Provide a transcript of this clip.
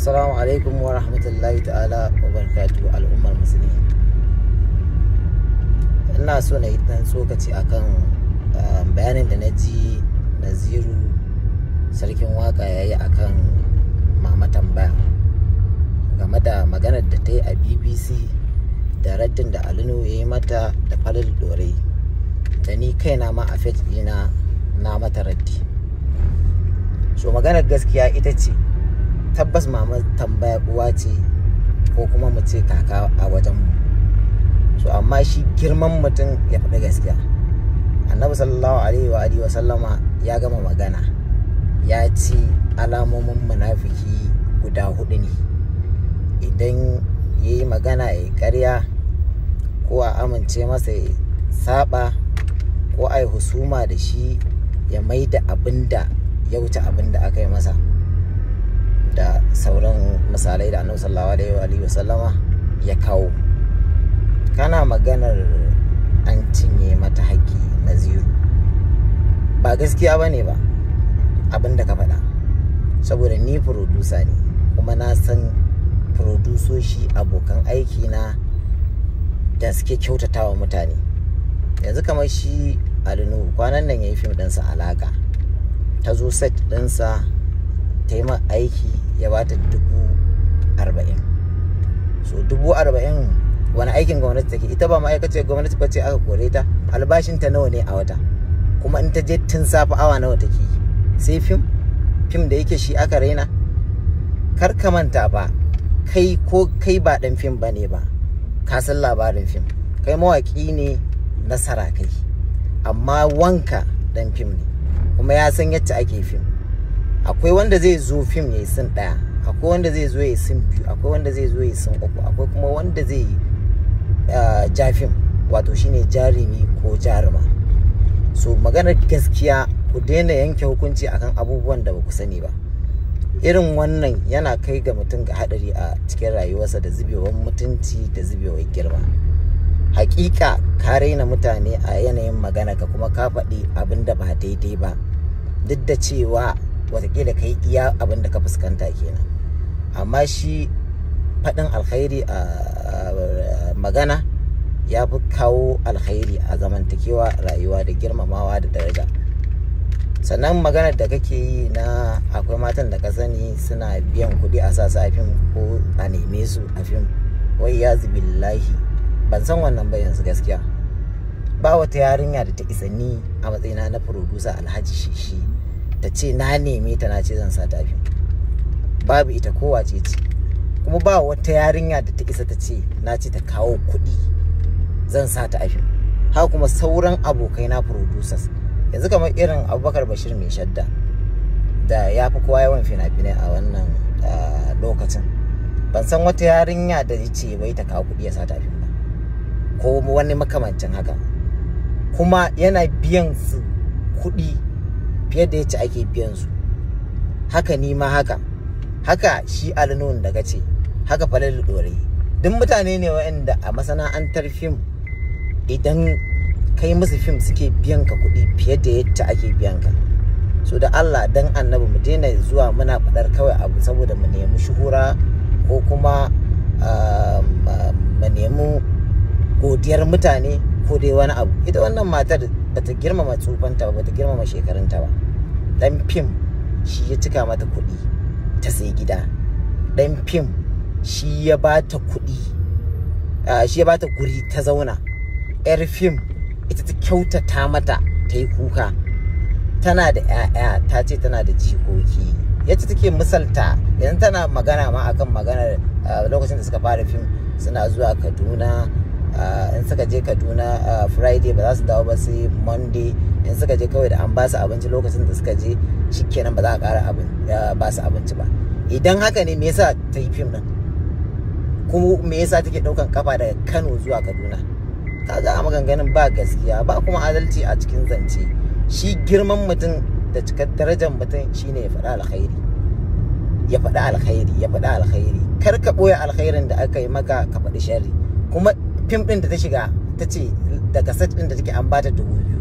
Assalamu alaikum wa rahmatullahi ta'ala wa barakatuhu al'ummar musulmi. Ina so na yi dan tsokaci akan um, bayanin da na ji Naziru sarkin waka ya yi akan mama Tamba game da maganar da ta yi a BBC da raddin da Alinu ya yi mata da falil dore da ni kaina ma a fet ɗina na mata raddi. So maganar gaskiya ita ce tabbas mama tambaya uwa ce ko kuma mu ce kaka a wajen mu so amma shi girman mutum ya faɗi gaskiya annabi sallallahu alaihi wa alihi sallama ya gama magana ya ce alamomin munafiki guda hudu ne idan ya yi magana ya karya ko a amince masa ya saba ko a yi husuma da shi ya maida abinda ya wuce abinda aka yi masa da sauran misalai da annabi sallallahu alaihi wa wasallama ya kawo kana maganar an cinye mata haƙƙi na zero ba gaskiya ba ba abin da ka faɗa saboda ni furodusa ne kuma na san furodusoshi abokan aiki na da suke kyautata wa mutane yanzu kamar shi alinu kwanan nan ya yi fim ɗinsa alaka. ta zo set ɗinsa ta yi aiki ya ba ta dubu arba'in so dubu arba'in wani aikin gwamnati take ita ba ma'aikaciyar gwamnati ba ce aka kore ta albashinta nawa ne a wata kuma in ta je tun safe awa nawa take sai fim fim da yake shi aka raina kar ka manta ba kai ko kai ba dan fim ba ne ba ka san labarin fim kai mawaki ne nasara kai amma wanka dan fim ne kuma ya san yadda ake fim akwai wanda zai zo fim ya yi sin ɗaya akwai wanda zai zo ya yi sin biyu akwai wanda zai zo ya yi sin uku akwai kuma wanda zai yi eh, ja fim wato shine jarumi ko jaruma so maganar gaskiya ku daina yanke hukunci akan abubuwan da ba ku sani ba irin wannan yana kai ga mutum ga hadari a cikin rayuwarsa da zubewar mutunci da zubewar girma hakika ka raina mutane a yanayin magana ka kuma ka faɗi abin da ba daidai ba duk da cewa watakila ka yi iya abin da ka fuskanta kenan amma shi faɗin alkhairi a magana ya fi kawo alkhairi a zamantakewa rayuwa da girmamawa da daraja sannan maganar da kake yi na akwai matan da ka sani suna biyan kuɗi a sasa a fim ko a neme su a fim wai ya zubillahi, ban san wannan ba yanzu gaskiya ba wata yarinya da ta isa ni a matsayina na furodusa alhaji shishi ta ce na neme ta na ce zan sa tafi babu ita kowace ce kuma ba wata yarinya da ta isa ta ce na ce ta kawo kuɗi zan sa ta afi ha kuma sauran abokai na producers yanzu kamar irin abubakar bashir mai shadda da ya fi kowa yawan fina-finai a wannan lokacin ban san wata yarinya da ya ce bai ta kawo kuɗi ya sa ta afi ba ko wani makamancin haka kuma yana biyan su kuɗi fiye da yace ake biyan su haka ni ma haka haka shi nuhu da kace haka falal dore duk mutane ne waɗanda a masana'antar fim idan kai musu fim suke biyan ka kuɗi fiye da yadda ake biyan ka so da Allah dan annabi mu daina zuwa muna faɗar kawai abu saboda mu nemi shuhura ko kuma ah, mu nemi godiyar mutane ko dai wani abu ita wannan matar bata girmama tsufanta ba bata girmama shekarunta ba dan fim shi ya cika mata kuɗi ta sai gida dan fim shi ya bata kuɗi shi ya bata guri ta zauna yar fim ita ta kyautata mata ta yi kuka tana da 'ya'ya ta ce tana da jikoki yadda take misalta yanzu tana magana ma akan maganar lokacin da suka fara fim suna zuwa kaduna Ah, in suka je kaduna ah, friday ba za su dawo ba sai monday in suka je kawai da an ba su abinci lokacin da suka je shikenan ba za a kara ah, ba su abinci ba idan haka ne me yasa ta yi fim nan? Ko me yasa take daukan kafa daga kano zuwa kaduna ga a maganganun ba gaskiya ba kuma adalci a cikin zance shi girman mutum da cikar darajar mutum shine ya faɗa alkhairi ya faɗa alkhairi ya faɗa alkhairi kar ka ɓoye alkhairin da aka yi maka ka faɗi sharri kuma fim ɗin da ta shiga ta ce daga set ɗin da take an bata dubu biyu